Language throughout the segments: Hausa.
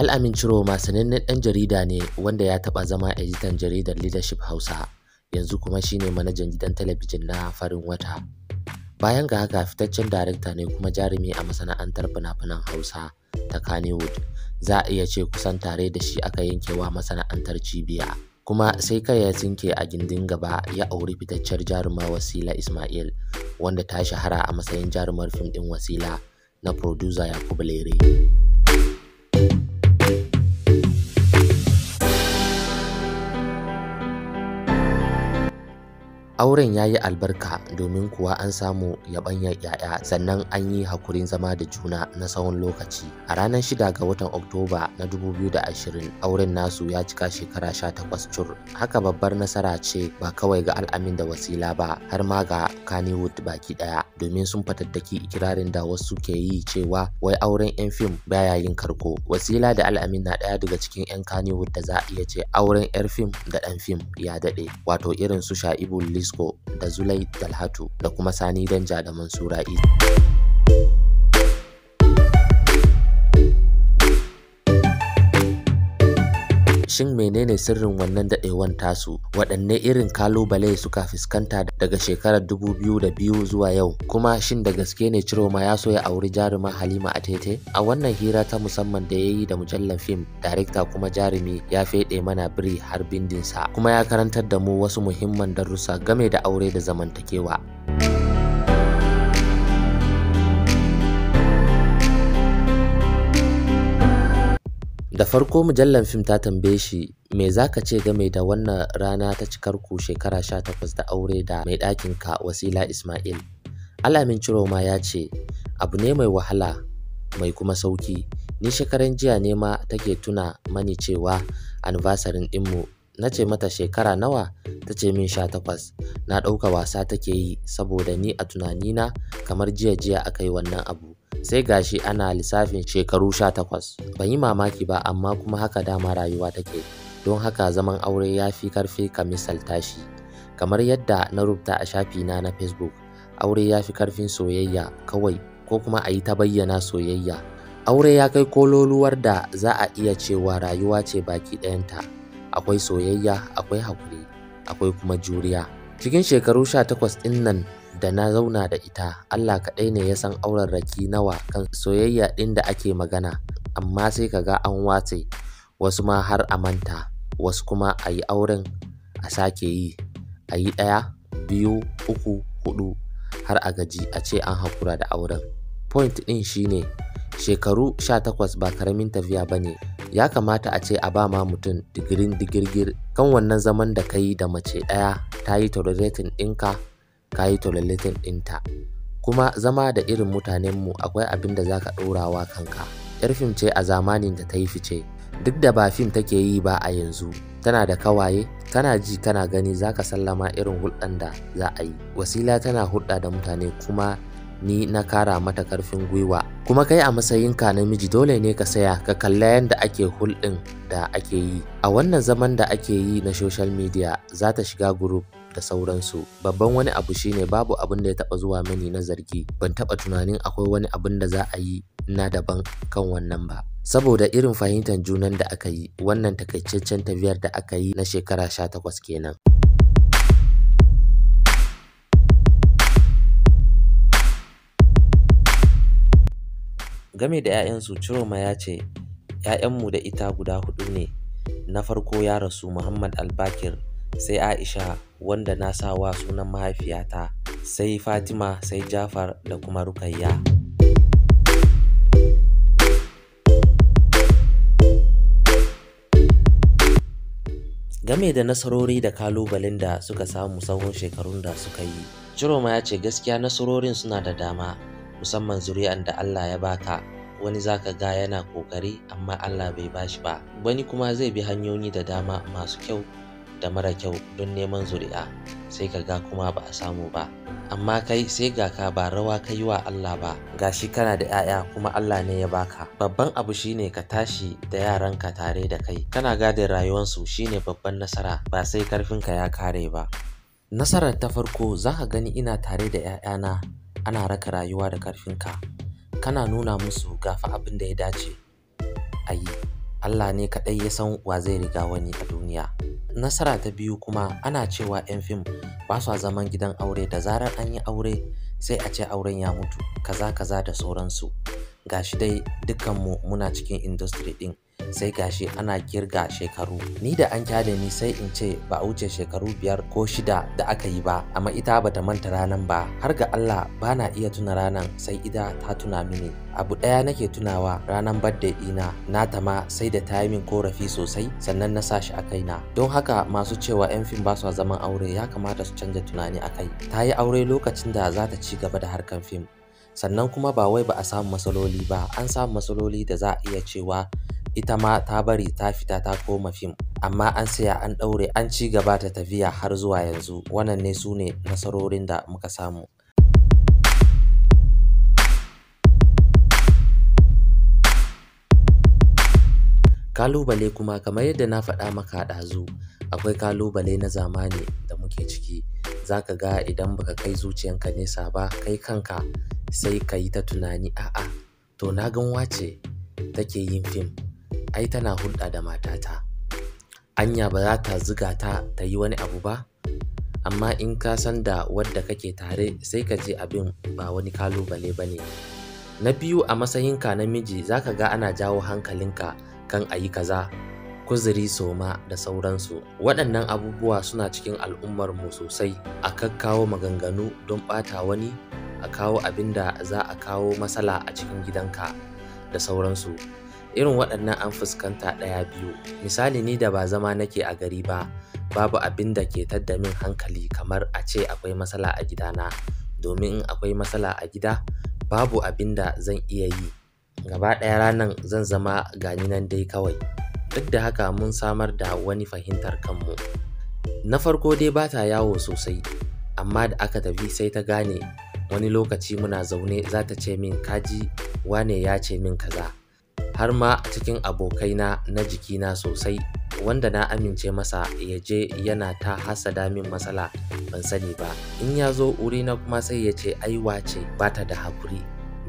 Al'amin Ciroma sanannen ɗan jarida ne wanda ya taɓa zama editan jaridar Leadership Hausa, yanzu kuma shine manajan gidan talabijin na Farin Wata. Bayan ga haka fitaccen darakta ne kuma jarumi a masana'antar fina-finan Hausa ta Kannywood, za a iya ce kusan tare da shi aka yankewa masana'antar cibiya. Kuma sai kai ya tsinke a gindin gaba ya auri fitaccen jarumar Wasila Ismail, wanda ta shahara a matsayin jarumar fim ɗin Wasila na producer Yakubu Lere. thank you auren ya yi albarka domin kuwa an samu yabanyar yaya sannan an yi hakurin zama da juna na tsawon lokaci a ranar 6 ga watan oktoba na 2020 auren nasu ya cika shekara 18 cur haka babbar nasara ce ba kawai ga al'amin da wasila ba har ma ga kannywood baki daya domin sun fatattaki ikirarin da wasu ke yi cewa wai auren 'yan fim baya yin karko wasila da al'amin na daya daga cikin 'yan kannywood da za a iya ce auren 'yar fim da dan fim ya daɗe wato irin su sha'ibu lis Francisco da Zulai Dalhatu da kuma Sani Danja da Mansura Isa. shin menene sirrin wannan daɗewan tasu waɗanne irin kalubale suka fuskanta daga shekarar 2002 zuwa yau kuma shin da gaske ne Ciroma ya so ya auri jaruma Halima a tete a wannan hira ta musamman da ya yi da mujallar fim darekta kuma jarumi ya feɗe mana biri har bindinsa kuma ya karantar da mu wasu muhimman darussa game da aure da zamantakewa. Da farko mujallar fim ta tambaye shi me za ka ce game da wannan rana ta cikar ku shekara sha takwas da aure da mai ɗakin ka Wasila Ismail. Alamin ciro ma ya ce, abu ne mai wahala mai kuma sauki, ni shekaran jiya ne ma take tuna mani cewa anivasarin dinmu na ce mata shekara nawa ta ce min takwas? na ɗauka wasa take yi saboda ni a tunanina kamar jiya jiya aka yi wannan abu. sai gashi ana lissafin shekaru sha takwas ban yi mamaki ba amma kuma haka dama rayuwa take don haka zaman aure ya fi karfi ka misalta shi kamar yadda na rubuta a shafina na facebook aure ya fi karfin soyayya kawai ko kuma a yi ta bayyana soyayya aure ya kai kololuwar da za a iya cewa rayuwa ce baki ɗayanta akwai soyayya akwai haƙuri akwai kuma juriya cikin shekaru 18 ɗin nan da na zauna da ita Allah kaɗai ne ya san aurarraki nawa kan soyayya ɗin da ake magana amma sai ka ga an watse wasu ma har a manta wasu kuma a yi auren a sake yi a yi ɗaya biyu uku hudu har a gaji a ce an haƙura da auren point ɗin shine shekaru sha takwas ba karamin tafiya ba ne ya kamata a ce a ba ma mutum digirin digirgir kan wannan zaman da ka yi da mace ɗaya ta yi tauraretin ɗinka ka yi tolalitin ɗinta kuma zama da irin mutanenmu akwai abin da za ka ɗorawa kanka yar fim ce a zamanin da ta yi fice duk da ba fim take yi ba a yanzu tana da kawaye kana ji kana gani za ka sallama irin hulɗan da za a yi wasila tana hulɗa da mutane kuma ni na kara mata karfin gwiwa kuma kai a matsayinka namiji dole ne ka saya ka kalla yadda ake hulɗin da ake yi a wannan zaman da ake yi na social media za ta shiga group da sauransu babban wani abu shine babu abin da ya taba zuwa mini na zargi ban taba tunanin akwai wani abin da za a yi na daban kan wannan ba saboda irin fahimtar junan da aka yi wannan takaicaccen tafiyar da aka yi na shekara 18 kenan game da 'ya'yansu Ciroma ya ce 'ya'yanmu da ita guda hudu ne na farko ya rasu Muhammad Albakir sai Aisha wanda na sa wa sunan mahaifiyata sai Fatima sai Jafar da kuma Rukayya. Game da nasarori da kalubalen da suka samu sauran shekarun da suka yi, Ciroma ya ce gaskiya nasarorin suna da dama, musamman zuri'an da Allah ya baka. Wani zaka ga yana kokari amma Allah bai bashi ba, wani kuma zai bi hanyoyi da dama masu kyau da mara kyau don neman zuri'a sai ka ga kuma ba a samu ba amma kai sai ga ka ba rawa ka yi wa Allah ba gashi kana da 'ya'ya kuma Allah ne ya baka babban abu shine ka tashi da yaranka tare da kai kana gadin rayuwarsu shine babban nasara ba sai karfinka ya kare ba nasarar ta farko za ka gani ina tare da 'ya'yana ana raka rayuwa da karfinka kana nuna musu gafa abin da ya dace Ayi, Allah ne kaɗai ya san wa zai riga wani a duniya nasara ta biyu kuma ana cewa 'yan fim ba su zaman gidan aure da zarar an yi aure sai a ce auren ya mutu kaza kaza da sauransu ga shi dai dukkanmu muna cikin industry ɗin sai gashi ana kirga shekaru ni da an kyale ni sai in ce ba a wuce shekaru biyar ko shida da aka yi ba amma ita bata manta ranan ba har ga Allah bana iya tuna ranan sai ida ta tuna mini abu ɗaya nake tunawa ranan birthday ɗina na tama sai da ta min korafi sosai sannan na sa shi a kaina don haka masu cewa 'yan fim ba su zaman aure ya kamata su canza tunani a kai ta yi aure lokacin da za ta ci gaba da harkan fim sannan kuma ba wai ba a samu matsaloli ba an samu matsaloli da za a iya cewa ita ma ta bari ta fita ta koma fim amma an saya an ɗaure an ci gaba ta tafiya har zuwa yanzu wannan ne su ne nasarorin da muka samu kalubale kuma kamar yadda na faɗa maka ɗazu akwai kalubale na zamani da muke ciki za ka ga idan baka kai zuciyanka nesa ba kai kanka sai ka yi ta tunani a'a to na gan wace take yin fim ai tana hulɗa da matata anya ba za ta ziga ta ta yi wani abu ba amma in ka san da wadda kake tare sai ka je abin ba wani kalubale ba ne na biyu a matsayinka namiji za ka ga ana jawo hankalinka kan a yi kaza kuzuri soma da sauransu waɗannan abubuwa suna cikin al'ummarmu sosai a kakkawo maganganu don ɓata wani a kawo abin da za a kawo matsala a cikin gidanka da sauransu irin waɗannan an fuskanta ɗaya biyu misali ni da ba zama nake a gari ba babu abin da ke tadda min hankali kamar a ce akwai matsala a gidana domin in akwai matsala a gida babu abin da zan iya yi gaba ɗaya ranan zan zama gani nan dai kawai duk da haka mun samar da wani fahimtar kanmu na farko dai ba ta yawo sosai amma da aka tafi sai ta gane wani lokaci muna zaune za ta ce min kaji wane ya ce min kaza har ma cikin abokaina na jikina sosai wanda na amince masa ya je yana ta hasada min matsala ban sani ba in ya zo wuri na kuma sai ya ce aiwa ce ba ta da haƙuri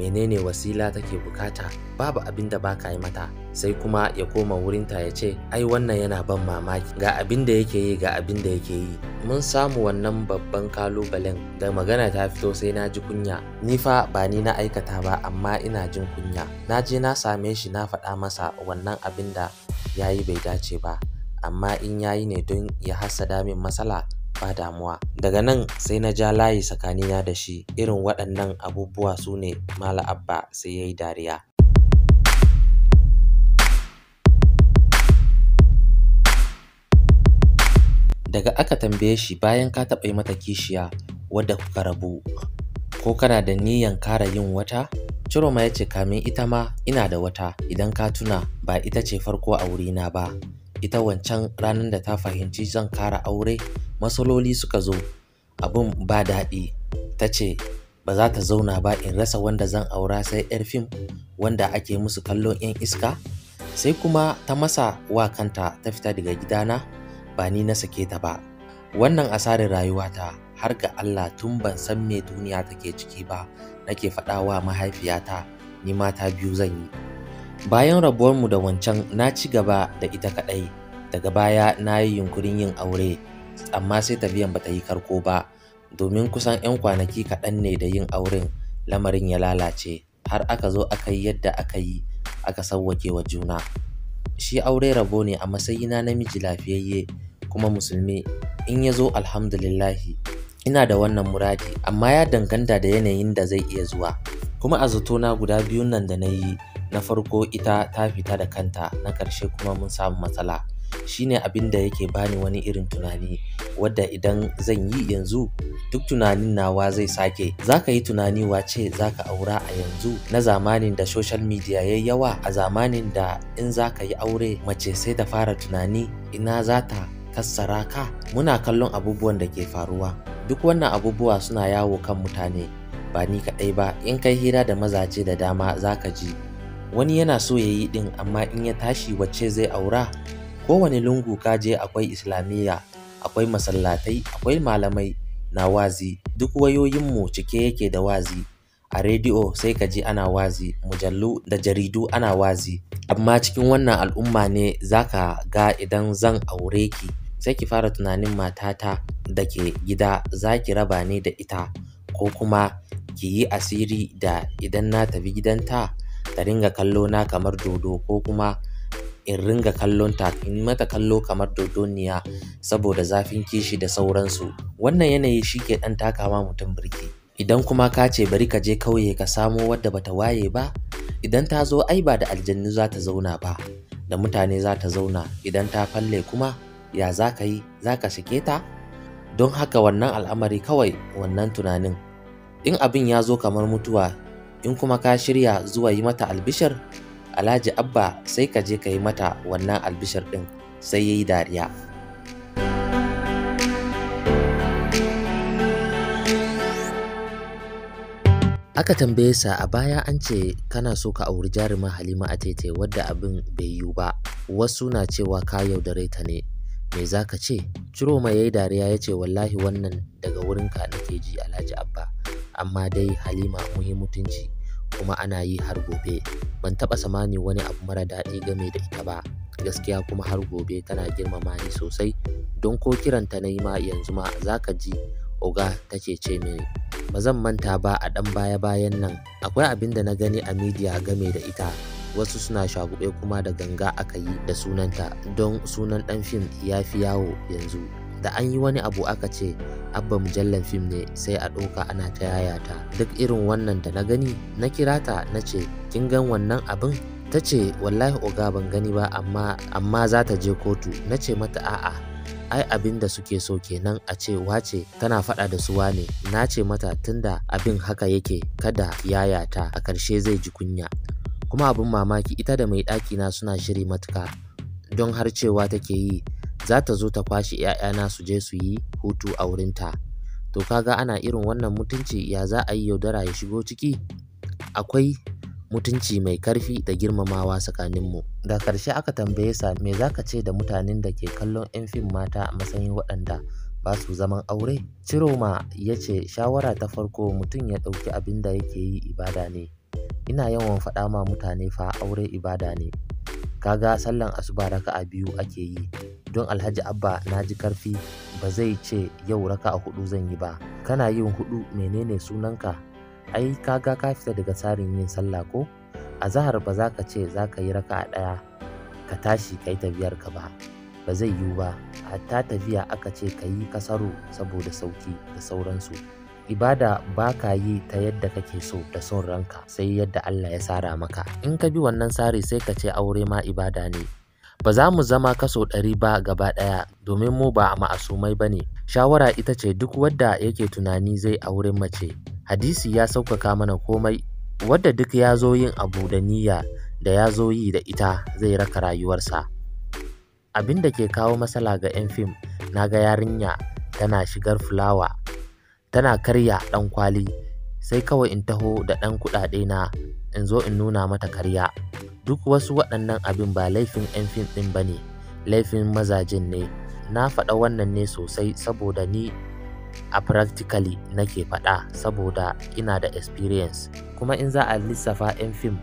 menene wasila take bukata babu abin da baka yi mata sai kuma ya koma wurinta ya ce ai wannan yana ban mamaki ga abin da yake yi ga abin da yake yi mun samu wannan babban kalubalen da magana ta fito sai na ji kunya ni fa ba ni na aikata ba amma ina jin kunya na je na same shi na faɗa masa wannan abin da ya yi bai dace ba amma in ya yi ne don ya hasada min matsala ba damuwa daga nan sai na ja layi tsakanina da shi irin waɗannan abubuwa su ne mala abba sai ya yi dariya daga aka tambaye shi bayan ka taɓa yi mata kishiya wadda kuka rabu ko kana da niyan kara yin wata Ciroma ya ce kamin ita ma ina da wata idan ka tuna ba ita ce farko a wurina ba ita wancan ranar da ta fahimci zan kara aure matsaloli suka zo abin ba daɗi ta ce ba za ta zauna ba in rasa wanda zan aura sai 'yar fim wanda ake musu kallon 'yan iska sai kuma ta masa wa kanta ta fita daga gidana ba ni na sake ta ba wannan asarin rayuwata har ga Allah tun ban san me duniya take ciki ba nake faɗa wa mahaifiyata ni mata biyu zan yi bayan rabuwarmu da wancan na ci gaba da ita kaɗai daga baya na yi yunkurin yin aure amma sai tafiyan bata yi karko ba domin kusan 'yan kwanaki kaɗan ne da yin auren lamarin ya lalace har aka zo aka yi yadda aka yi aka sauwake wa juna shi aure rabo ne a na namiji lafiyayye kuma musulmi in ya zo alhamdulillahi ina da wannan muradi amma ya danganta da yanayin da zai iya zuwa kuma a zato na guda biyun nan da na yi na farko ita ta fita da kanta na ƙarshe kuma mun samu matsala shine abin da yake bani wani irin tunani wadda idan zan yi yanzu duk tunanin nawa zai sake za ka yi tunani wace za ka aura a yanzu na zamanin da social media ya yawa a zamanin da in za ka yi aure mace sai ta fara tunani ina za ta kassara ka muna kallon abubuwan da ke faruwa duk wannan abubuwa suna yawo kan mutane ba ni kaɗai ba in kai hira da mazaje da dama za ka ji wani yana so ya yi ɗin amma in ya tashi wacce zai aura kowane lungu kaje akwai islamiyya, akwai masallatai, akwai malamai na wazi. Duk wayoyinmu cike yake da wazi. A rediyo sai ka kaji ana wazi, mujallu da jaridu ana wazi. Amma cikin wannan al'umma ne za ka ga idan zan aure ki sai ki fara tunanin matata da ke gida za ki raba ni da ita ko kuma ki yi asiri da idan na tafi gidanta ta ringa kallo na kamar dodo ko kuma in ringa kallon ta in mata kallo kamar dodoniya saboda zafin kishi da sauransu wannan yanayi shi ke ɗan takawa mutum birki idan kuma ka ce bari ka je kauye ka samo wadda bata waye ba idan ta zo ai ba da aljannu za ta zauna ba da mutane za ta zauna idan ta falle kuma ya za ka yi za ka shige ta don haka wannan al'amari kawai wannan tunanin in abin ya zo kamar mutuwa in kuma ka shirya zuwa yi mata albishar? Alhaji Abba sai ka je ka yi mata wannan albishar ɗin sai ya yi dariya. Aka tambaye sa a baya an ce kana so ka auri jarumin Halima a tete wadda abin bai yiwu ba, wasu na cewa ka yaudare ta ne. Me za ka ce? Ciroma ya yi dariya ya ce wallahi wannan daga wurinka nake ji Alhaji Abba, amma dai Halima muhimmutunci. mutunci. kuma ana yi har gobe ban taɓa samani wani abu mara daɗi game da ita ba gaskiya kuma har gobe tana girmama ni sosai don ko kiranta na yi ma yanzu ma za ka ji oga ta ce ce mini ba zan manta ba a ɗan baya-bayan nan akwai abin da na gani a midiya game da ita wasu suna shagube kuma da ganga aka yi da sunanta don sunan ɗan fim ya fi yawo yanzu da an yi wani abu aka ce abba Mujallar fim ne sai a ɗauka ana ta yayata duk irin wannan da na gani na kira ta na ce kin gan wannan abin ta ce wallahi oga ban gani ba amma amma za ta je kotu na ce mata a'a ai abin da suke so kenan a ce wace tana faɗa da su wane na ce mata tunda abin haka yake kada yayata a ƙarshe zai ji kunya kuma abin mamaki ita da mai na suna shiri matuka don har cewa take yi za ta zo ta kwashe 'ya'yana su je su yi hutu a wurinta to kaga ana irin wannan mutunci ya za a yi yaudara ya shigo ciki akwai mutunci mai karfi da girmamawa tsakaninmu da karshe aka tambaye sa me za ka ce da mutanen da ke kallon 'yan fim mata a matsayin waɗanda ba su zaman aure ciroma ya ce shawara ta farko mutum ya ɗauki abin da yake yi ibada ne ina yawan faɗa ma mutane fa aure ibada ne kaga sallan asuba raka'a biyu ake yi don alhaji abba na ji karfi ba zai ce yau raka a hudu zan yi ba kana yin hudu menene sunanka ai ka ga ka fita daga tsarin yin sallah ko a zahar ba za ka ce za ka yi raka a ɗaya ka tashi ka yi tafiyar ka ba ba zai yiwu ba hatta tafiya aka ce ka yi kasaro saboda sauki da sauransu ibada ba ka yi ta yadda kake so da son ranka sai yadda Allah ya sara maka in ka bi wannan tsari sai ka ce aure ma ibada ne Ba za mu zama kaso ɗari ba gaba ɗaya domin mu ba ma'asumai ba ne. Shawara ita ce duk wanda yake tunani zai auren mace. Hadisi ya sauƙaƙa mana komai, wanda duk ya zo yin abu da niyya da ya zo yi da ita zai raka rayuwarsa. Abin da ke kawo matsala ga 'yan fim na ga yarinya tana shigar fulawa, tana karya kwali, sai kawai in taho da ɗan kuɗaɗe na, in zo in nuna mata karya. duk wasu waɗannan abin ba laifin 'yan fim ɗin ba ne laifin mazajen ne na faɗa wannan ne sosai saboda ni a practically nake faɗa saboda ina da experience kuma in za a lissafa 'yan fim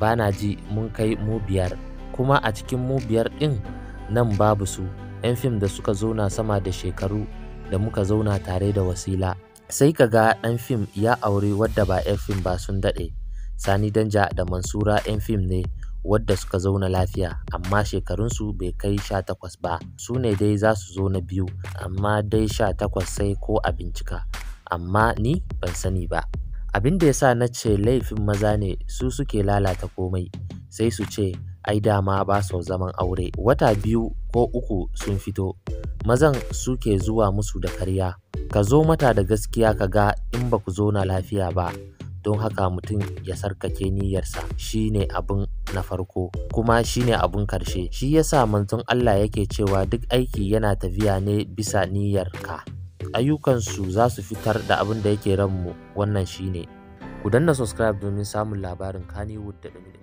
ba na ji mun kai mu biyar kuma a cikin mu biyar ɗin nan babu su 'yan fim da suka zauna sama da shekaru da muka zauna tare da wasila sai ka ga ɗan fim ya aure wadda ba 'yan fim ba sun daɗe sani danja da mansura 'yan fim ne wadda suka zauna lafiya amma shekarunsu bai kai sha takwas ba su ne dai za su zo na biyu amma dai sha takwas sai ko a bincika amma ni ban sani ba abin da ya sa na ce laifin maza ne su suke lalata komai sai su ce ai dama ba su zaman aure wata biyu ko uku sun fito mazan suke zuwa musu da karya ka zo mata da gaskiya ka ga in ba ku zo na lafiya ba don haka mutum ya sarkake niyyarsa shine abin na farko kuma shine abin karshe shi yasa manzon Allah yake cewa duk aiki yana tafiya ne bisa niyyar ka. ayyukansu za su fitar da abin da yake ranmu wannan shine ku danna subscribe domin samun labarin kaniwood da